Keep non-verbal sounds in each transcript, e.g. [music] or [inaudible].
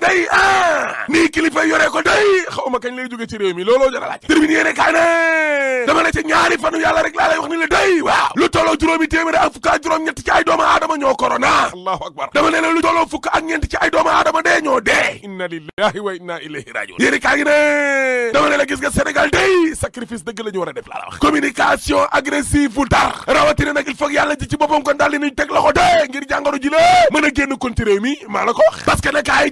day ah nii kilifa yoree ko day xaw ma kañ lay jóge ci réew mi looloo jara laaj termine yéene kaay ne dama ne ci ñaari fanu yàlla rek laa lay wax ni la day waaw lu tolloo juróomi téeméer ak fukk juróom ñett ci ay doomu aadama ñoo korona allahu akbar dama ne la lu tolloo fukk ak ñeent ci ay doomu aadama dee ñoo dee inna lillahi wa inna ilayhi rajiun yéene kaay gi dama ne la gis nga day sacrifice dëgg la ñu war a def laa la wax communication agressive bu tar rawatina nag il faut yàlla ji ci boppam kon daal di nuñ teg loxo dee ngir jàngoro ji a génn kon mi maa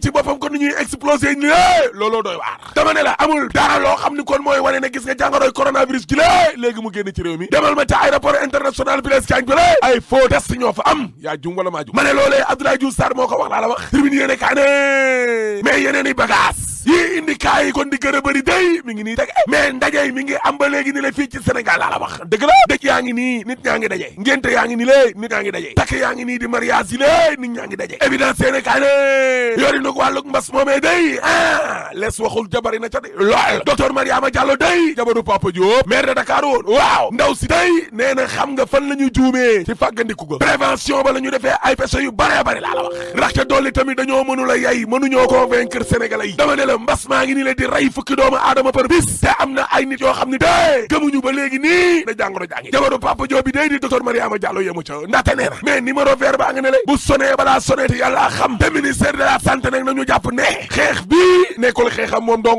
ci boppam ñoom kon ni ñuy explosé ni lée looloo doy waar dama la amul dara loo xam ni kon mooy wane ne gis nga jàngoroy coronavirus gi lée léegi mu génn ci réew mi demal ma ca aéroport international Blaise Diagne bi lée ay faux test ñoo fa am yaa jum wala maa jum ma ne loolee Abdoulaye Diouf Sarr moo ko wax laa la wax tribune yéene kaa ne mais i gis yii indi yi kon di gën a bëri day mi ngi nii tege mais ndaje yi mi ngi am ba léegi ni la fii ci senegal laa la wax dëgg la dëj yaa ngi nii nit ñaa ngi daje ngénte yaa ngi nii lée nit ñaa ngi daje takk yaa ngi nii di mariage yi lée nit ñaa ngi daje évidence yéene kaay ne yori nag wàllug mbas moomee day ah lees waxul jabari na ca de lool docteur Mariama Diallo day jabaru Papa Diop maire de Dakar woon waaw ndaw si day nee na xam nga fan la ñu juumee ci fàggandiku ga prévention ba la ñu defee ay yu bare bare laa la wax ndaxte dolli tamit dañoo mënu la yay mënuñoo convaincre sénégalais la mbas maa ngi nii la di rey fukki doomu aadama par bis te am na ay nit yoo xam ne dee gëmuñu ba léegi nii na jàngoro jàngi jabaru Papa Diop bi di docteur Mariama Diallo yemu ca ndaxte nee na mais numéro vert baa nga ne la bu sonné balaa sonné te yàlla xam te ministère de la santé nag nañu jàpp ne xeex bi nekkul xeexam moom dong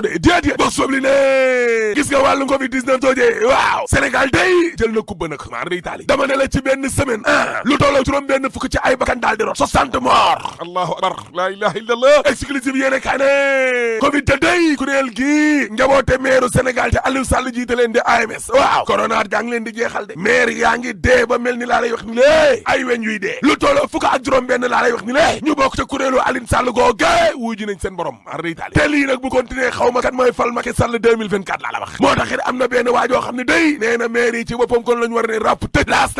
déedéet box foofu li ne gis nga wàllum covid 19 joojee waaw sénégal day jël na kubba nag maar day taali dama ne la ci benn semaine ah lu tolloo juróom benn fukk ci ay bakkan daal di rot soixante mort allahu akbar laa ilaha illa allah exclusive yéene kaa ne covid te day kuréel gi senegal meeru sénégal te Aliou Sall jiite leen di AMS waaw corona jàng leen di jeexal de maire yaa ngi dee ba mel ni laa lay wax ni lée ay weñ yuy dee lu tolloo fukk ak juróom benn laa ñu bokk ca kuréelu Aliou Sall googe wuy seen borom maar day xaw ma kat mooy fal Macky Sall 2024 laa la wax moo tax it am na benn waajoo xam ne day nee na maire yi ci boppam kon la ñu war ne ràpp tëj laas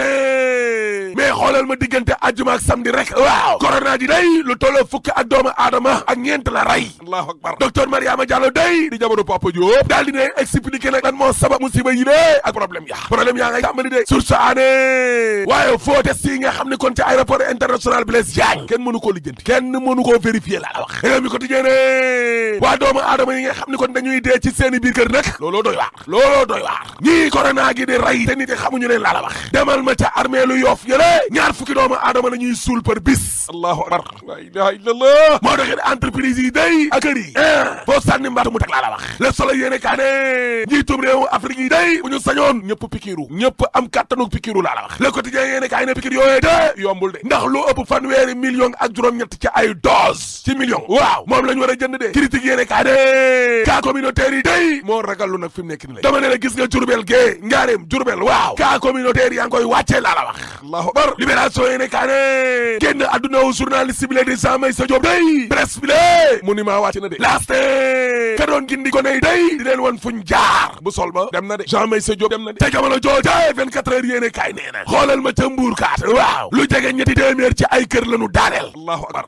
xoolal ma diggante ajjuma ak samedi rek waaw corona ji day lu tolloo fukki doomu aadama ak ñeent la rey allahu akbar docteur Mariama Diallo day di jabaru Papa Diop daal di ne expliqué nag lan moo sabab musiba yi dee ak problème yaa problème yaa ngay tàmbali ne kon ci aéroport international Blaise Diagne kenn mënu koo koo vérifier laa la wax réew mi quotidien ne waa doomu aadama yi nga xam ne kon dañuy dee ci seen i biir kër nag looloo doy waar looloo doy waar ñii corona gi di rey te nit yi xamuñu leen laa demal ma ca armée lu yoof yële ñaar fukki doomu aadama la suul par bis allahu akbar la ilaha illallah moo taxit entreprise yi day ak a foo eh. sànni mbaatu mu teg laa la wax le soleil yéene kaa ne njiitum réewu Afrique yi day bu ñu sañoon ñëpp pikiiru ñëpp am kàttanu pikiiru laa la wax le quotidien yéene kaay ne pikiir yooyee de yombul de ndax lu ëpp fanweeri million ak juróom-ñett ci ay dose ci million waaw moom la ñu war a jënd de critique kaa ne cas communautaire ragal lu nag fi mu koy wàccee la yor libération yéene kaa ne génn adduna wu journaliste bi la di Jean Meissa Diop day mu ni maa wàcc na de ne ka doon day di leen wan fuñ jaar bu sol ba dem na de Jean Meissa Diop dem na de te jamono jooja 24 heures yéene kaay nee na xoolal ma ca mbuur kaat waaw lu jege ñetti téeméer ci ay kër lañu daaneel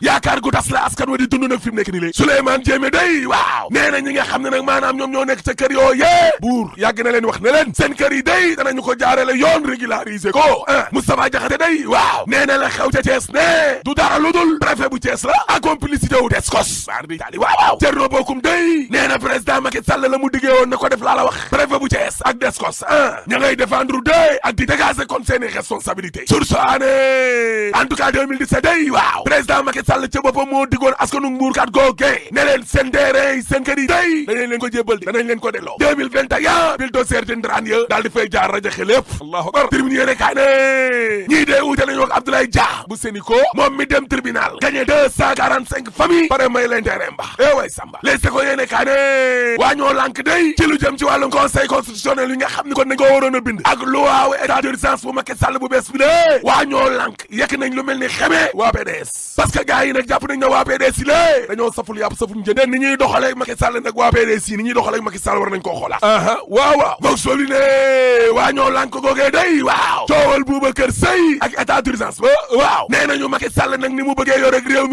yaakaar gu tas la askan wa di dund nag fi mu nekk ni lé Souleymane Jéeme day waaw nee na ñi nga xam ne nag maanaam ñoom ñoo nekk ca kër yoo yee buur yàgg na leen wax ne leen seen kër yi day danañu ko jaarale yoon régularisé ko ah Moustapha Diakhaté la xew ca Thiès ne du dara nee na président Macky Sall la mu diggee woon na ko def laa la wax préfet bu Thiès ak Descos ah ña ngay défendre deux ak di dégager kon seeni responsabilité sur ce année en tout cas 2017 waaw président Macky Sall ca boppam moo diggoon askanu mbuurkat googe ne leen seen terrain yi seen kër yi leen ko jébbal di danañ leen ko delloo dee wuute nañu ak Abdoulaye Dia bu Sénico moom mi dem tribunal gagné 245 familles pare may leen terrain ba eh way waxtaane waa ñoo lànk day ci lu jëm ci wàllum conseil constitutionnel yi nga xam ni kon dañ ko waroon a bind ak luwaaw état d'urgence bu Macky Sall bu bees bi de waa ñoo lànk yekk nañ lu mel ni xemee waa PDS parce que gars nag jàpp nañ ne waa PDS yi dañoo saful yàpp saful njënd ni ñuy doxale ak Sall nag waa PDS ni ñuy doxale ak Sall war nañ koo xoolaat aha waaw waaw moog ne waa ñoo lànk googee day waaw coowal Boubacar Seye ak eh, ak réew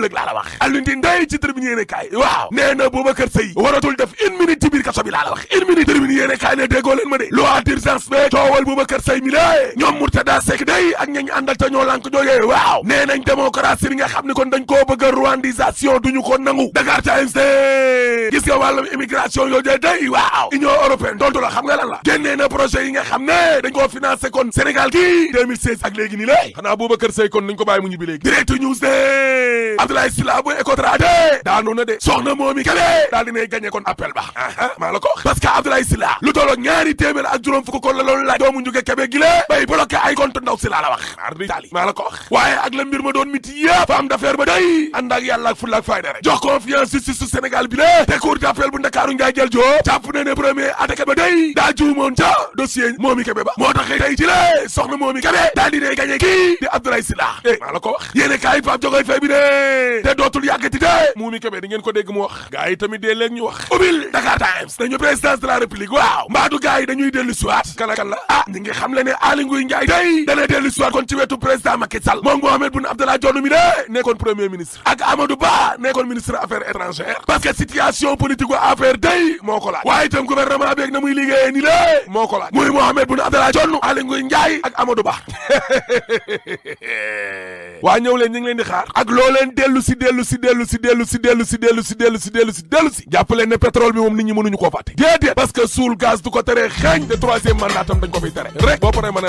mi la wax Alioune Tine day ci tribune yéene kaay waaw nee na Boubacar Sèye waratul def une minute ci biir kaso bi laa la wax une minute tribune yéene kaay ne déggoo leen ma de loi d'urgence coowal Boubacar Sèye mi lée ñoom Mourtada Seck day ak ñañ àndal te ñoo lànk jógee waaw nee nañ démocratie bi nga xam ne kon dañ koo bëgg a rwandisation duñu ko nangu Dakar Times gis nga wàllum immigration yoo jee day waaw Union européenne tontu la xam nga lan la génnee na projet yi nga xam ne dañ koo financé kon Sénégal kii 2016 ak léegi nii la xanaa Boubacar Sèye kon ko bàyyi mu ñibbi léegi direct news la bu Ecotra daanu na de soxna moomi kele daal dinay gagné kon appel ba aa maa la ko parce que te dootul yàggati dee ko dégg mu wax gars yi tamit dee leen ñu wax Dakar Times dañu présidence de la république waaw mbaadu gars dañuy dellu siwaat kala kala ah ñi ngi xam le ne Aly Ngouille day dana dellu siwaat kon ci wetu président Macky Sall moom Mohamed Boun Abdallah Dionne mi de nekkoon premier ministre ak Amadou Ba nekkoon ministre affaires étrangères parce que situation politique wa affaire day moo ko laaj waaye itam gouvernement bi na muy liggéeyee ni lée moo ko laaj [laughs] dellu si dellu si dellu si dellu si dellu si dellu si dellu si dellu si jàppaleen ne pétrole bi moom nit ñi mënuñu koo fàtte déedéet parce suul gaz du ko teree xeeñ te troisième mandat tam dañ ko tere rek boo paree ma ne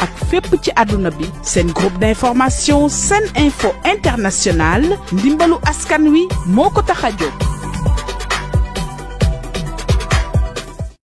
ak fépp ci àdduna bi seen groupe d'information seen info internationale ndimbalu askan wi moo ko tax a jóg